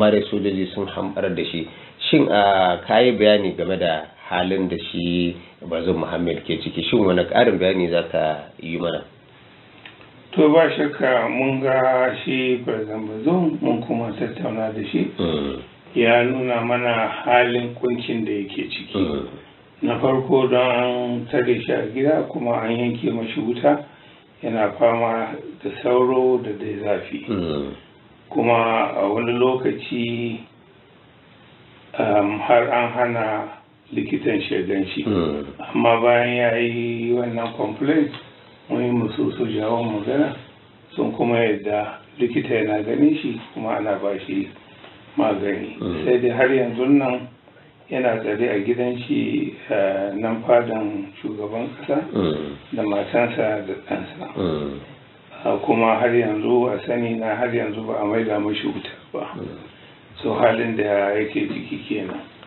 mare sojoji sun hambar da shi shin a kayi bayani game da halin da shi bazin muhammad ke ciki shin wani karin bayani za ka yi mana to ba shakka mun ga shi bazan bazon mun kuma tattauna da shi mm. ya nuna mana halin kuncin da yake ciki mm. na farko don an tare shi a gida kuma an yanke mashi wuta yana fama da sauro da dai zafi mm. kuma a wani lokaci um, har an hana likitan shaidan shi hmm. amma bayan ya yi wannan complaint wani musu su jawo magana sun kuma yadda likita yana ganin shi kuma ana ba shi magani hmm. sai dai har yanzu nan yana tsare a gidan shi eh, nan fadan shugaban kasa hmm. da matansa da ɗansa kuma har yanzu a sani na har yanzu ba a maida mashi wuta ba so halin da yake ciki kenan